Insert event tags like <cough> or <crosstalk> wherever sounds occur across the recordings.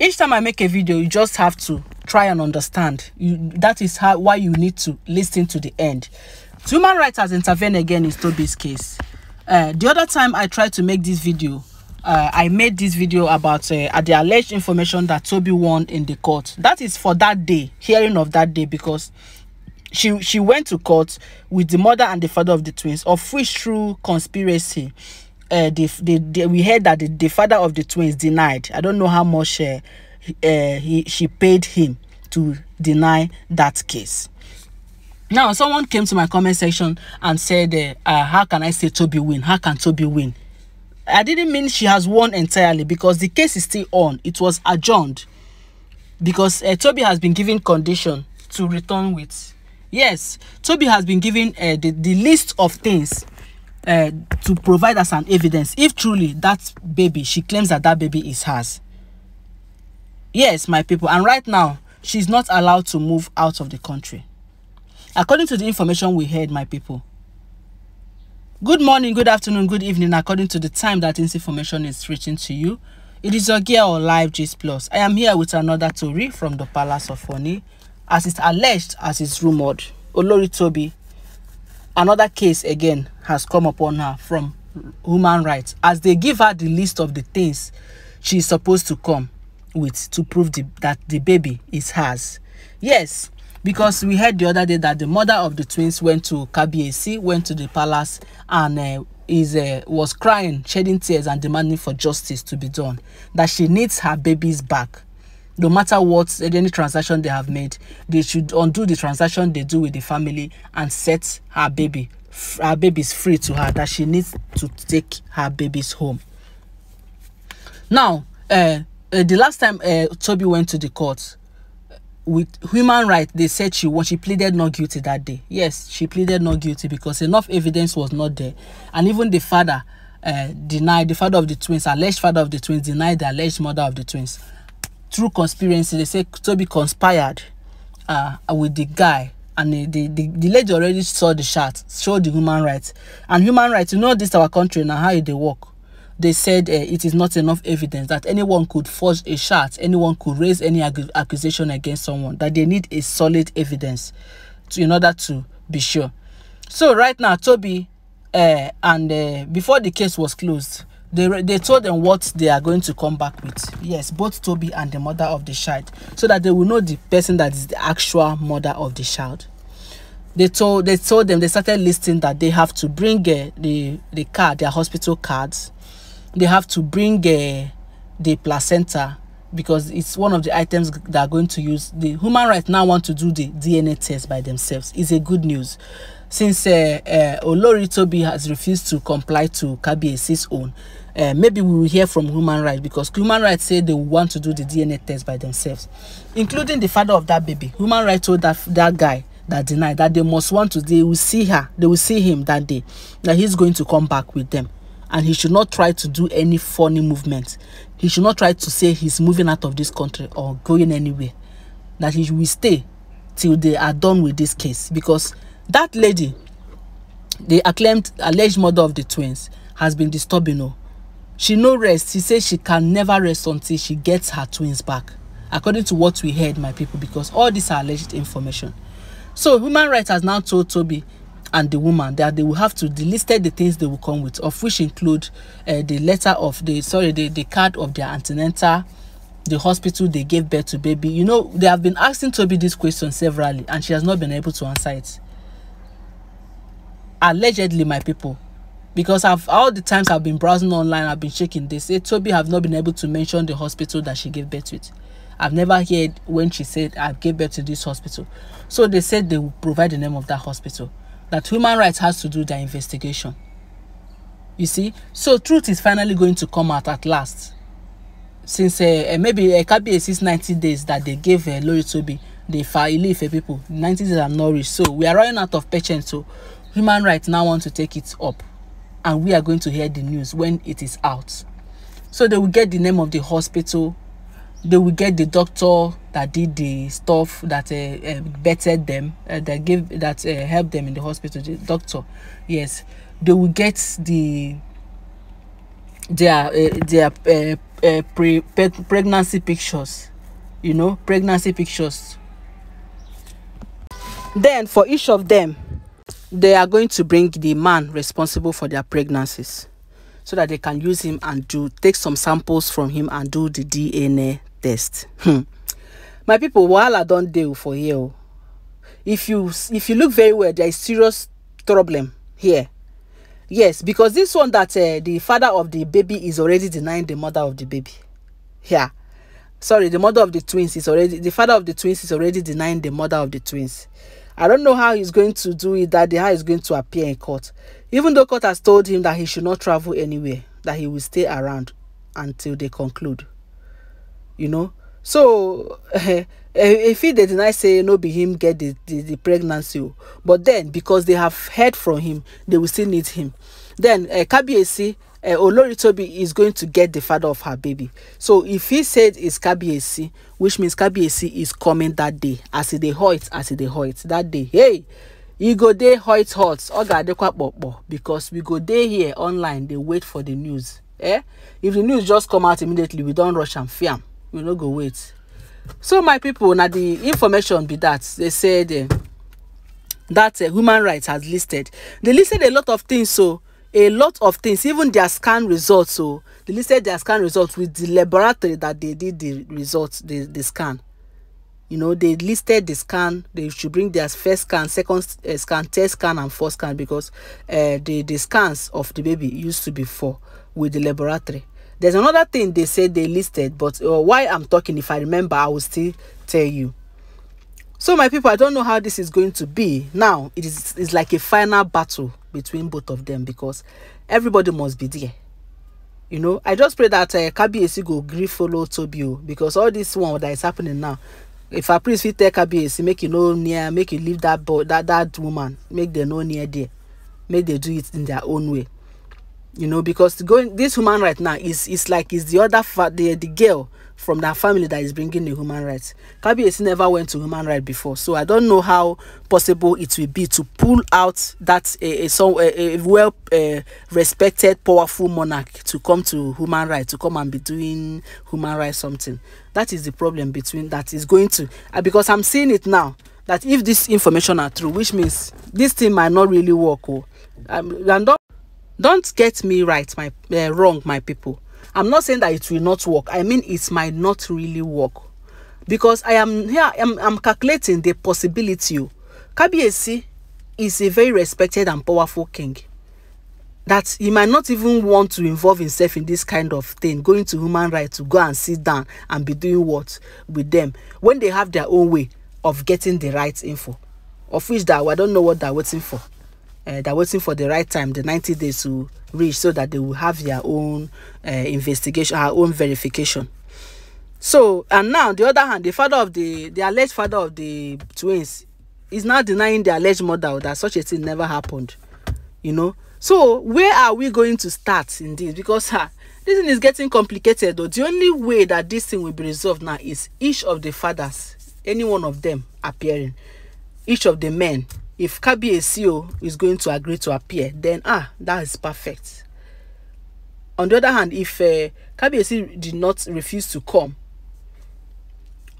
each time i make a video you just have to try and understand you that is how why you need to listen to the end so human rights has intervened again in toby's case uh, the other time i tried to make this video uh, i made this video about uh, the alleged information that toby won in the court that is for that day hearing of that day because she she went to court with the mother and the father of the twins of which true conspiracy uh, the, the, the, we heard that the, the father of the twins denied. I don't know how much uh, uh, he, she paid him to deny that case. Now, someone came to my comment section and said, uh, uh, how can I say Toby win? How can Toby win? I didn't mean she has won entirely because the case is still on. It was adjourned because uh, Toby has been given condition to return with. Yes, Toby has been given uh, the, the list of things uh, to provide us an evidence if truly that baby she claims that that baby is hers yes my people and right now she's not allowed to move out of the country according to the information we heard my people good morning good afternoon good evening according to the time that this information is reaching to you it is your girl or live gist plus i am here with another story from the palace of Oni, as it's alleged as it's rumored olori toby another case again has come upon her from human rights as they give her the list of the things she's supposed to come with to prove the, that the baby is hers. Yes, because we heard the other day that the mother of the twins went to KBAC, went to the palace and uh, is uh, was crying, shedding tears and demanding for justice to be done. That she needs her babies back. No matter what any transaction they have made, they should undo the transaction they do with the family and set her baby her babies free to her that she needs to take her babies home now uh, uh, the last time uh, toby went to the court with human rights they said she was she pleaded not guilty that day yes she pleaded not guilty because enough evidence was not there and even the father uh, denied the father of the twins alleged father of the twins denied the alleged mother of the twins through conspiracy they say toby conspired uh, with the guy and the, the, the, lady already saw the chart, showed the human rights. And human rights, you know this our country now how they work. They said uh, it is not enough evidence that anyone could forge a chart, anyone could raise any accusation against someone, that they need a solid evidence to, in order to be sure. So right now, Toby uh, and uh, before the case was closed, they they told them what they are going to come back with yes both toby and the mother of the child so that they will know the person that is the actual mother of the child they told they told them they started listing that they have to bring uh, the the card their hospital cards they have to bring uh, the placenta because it's one of the items they are going to use the human rights now want to do the dna test by themselves is a good news since uh, uh, Olori Toby has refused to comply to Kabiyesi's own, uh, maybe we will hear from human rights because human rights say they want to do the DNA test by themselves, including the father of that baby. Human rights told that, that guy that denied that they must want to, they will see her, they will see him that day, that he's going to come back with them. And he should not try to do any funny movement. He should not try to say he's moving out of this country or going anywhere. That he will stay till they are done with this case because that lady the acclaimed alleged mother of the twins has been disturbing her oh. she no rest she says she can never rest until she gets her twins back according to what we heard my people because all these are alleged information so human rights has now told toby and the woman that they will have to delisted the things they will come with of which include uh, the letter of the sorry the, the card of their antenatal the hospital they gave birth to baby you know they have been asking toby this question severally and she has not been able to answer it allegedly my people because I've all the times I've been browsing online, I've been checking. They eh, say Toby have not been able to mention the hospital that she gave birth to. It. I've never heard when she said I gave birth to this hospital. So they said they will provide the name of that hospital. That human rights has to do their investigation. You see, so truth is finally going to come out at last. Since uh, maybe it can be since 90 days that they gave uh, Lori Toby the for people, 90 days are not reached. So we are running out of patience. So human rights now want to take it up and we are going to hear the news when it is out so they will get the name of the hospital they will get the doctor that did the stuff that uh, uh, bettered them uh, that gave that uh, helped them in the hospital the doctor yes they will get the their uh, their uh, uh, pre pe pregnancy pictures you know pregnancy pictures then for each of them they are going to bring the man responsible for their pregnancies so that they can use him and do take some samples from him and do the DNA test. Hmm. My people, while I don't deal for you, if you if you look very well, there is serious problem here. Yes, because this one that uh, the father of the baby is already denying the mother of the baby. Yeah. Sorry, the mother of the twins is already the father of the twins is already denying the mother of the twins. I don't know how he's going to do it that day, how he's going to appear in court. Even though court has told him that he should not travel anywhere, that he will stay around until they conclude. You know? So, <laughs> eh, if he did not say, no, be him get the, the, the, pregnancy. But then, because they have heard from him, they will still need him. Then, uh, eh, KBAC uh, eh, Oloritobi is going to get the father of her baby. So if he said it's Kabiesi, which means Kabiesi is coming that day, as they hoit, as they hoit that day. Hey, you go dey hoit hot, oga adekwa popo, because we go dey here online, they wait for the news. Eh? If the news just come out immediately, we don't rush and fear. We no go wait. So my people, now the information be that they said uh, that uh, human rights has listed. They listed a lot of things, so a lot of things even their scan results o oh, they listed their scan results with the laboratory that they did the results the the scan you know they listed the scan they should bring their first scan second uh, scan third scan and fourth scan because uh, the the scans of the baby used to be four with the laboratory there's another thing they said they listed but uh, why i'm talking if i remember i will still tell you So my people, I don't know how this is going to be. Now, it is it's like a final battle between both of them because everybody must be there. You know, I just pray that uh, Kabiesi go grief follow Tobio because all this one that is happening now, if I please fit tell Kabiesi, make you e know near, make you e leave that boy, that, that woman, make them know near there. Make they do it in their own way. You know, because going this woman right now is is like is the other the, the girl from that family that is bringing the human rights. Kabi has never went to human rights before, so I don't know how possible it will be to pull out that a, eh, a, eh, some, a, eh, a well respected, powerful monarch to come to human rights, to come and be doing human rights something. That is the problem between that is going to, uh, because I'm seeing it now that if this information are true, which means this thing might not really work. Oh, um, and don't, don't get me right, my uh, wrong, my people. I'm not saying that it will not work. I mean, it might not really work. Because I am here, I'm, I'm calculating the possibility. Oh. Kabiesi is a very respected and powerful king. That he might not even want to involve himself in this kind of thing, going to human rights to go and sit down and be doing what with them when they have their own way of getting the right info, of which that I don't know what they're waiting for uh, they're waiting for the right time, the 90 days to reach, so that they will have their own uh, investigation, our own verification. So, and now, the other hand, the father of the, the alleged father of the twins is now denying the alleged mother that such a thing never happened, you know. So, where are we going to start in this? Because this thing is getting complicated, though. The only way that this thing will be resolved now is each of the fathers, any one of them appearing, each of the men if Kabiyesi is going to agree to appear, then ah, that is perfect. On the other hand, if uh, eh, Kabiyesi did not refuse to come,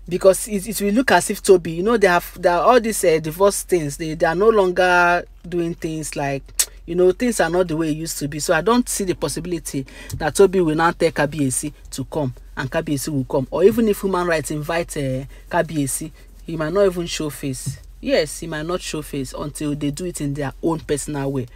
because it, it will look as if Toby, you know, they have they are all these uh, divorce things. They they are no longer doing things like you know things are not the way it used to be. So I don't see the possibility that Toby will now tell Kabiyesi to come and Kabiyesi will come, or even if human rights invite uh, eh, Kabiyesi, he might not even show face yes he might not show face until they do it in their own personal way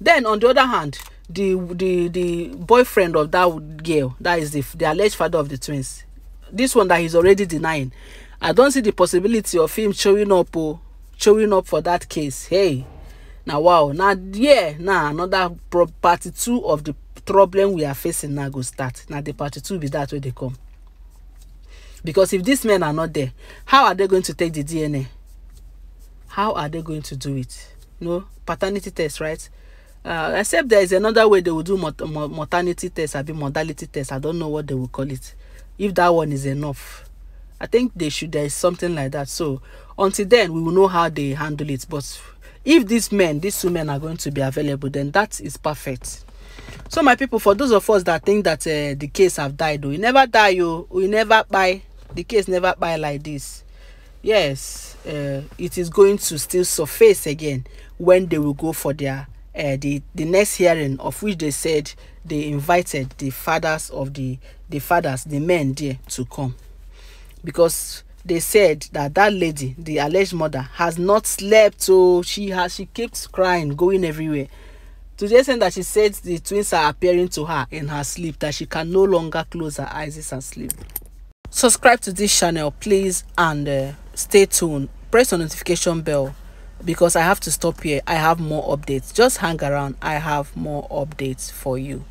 then on the other hand the the the boyfriend of that girl that is the, the alleged father of the twins this one that he's already denying i don't see the possibility of him showing up oh, showing up for that case hey now wow now yeah now another part two of the problem we are facing now go start now the part two be that way they come because if these men are not there how are they going to take the dna how are they going to do it no paternity test right uh, except there is another way they will do mot mo maternity test abi modality test i don't know what they will call it if that one is enough i think they should there is something like that so until then we will know how they handle it but if these men these women are going to be available then that is perfect so my people for those of us that think that uh, the case have died oh, we never die You, oh. we never buy the case never buy like this yes uh, it is going to still surface again when they will go for their uh, the the next hearing of which they said they invited the fathers of the the fathers the men there to come because they said that that lady the alleged mother has not slept so she has she keeps crying going everywhere to the extent that she said the twins are appearing to her in her sleep that she can no longer close her eyes and sleep subscribe to this channel please and uh, stay tuned press the notification bell because i have to stop here i have more updates just hang around i have more updates for you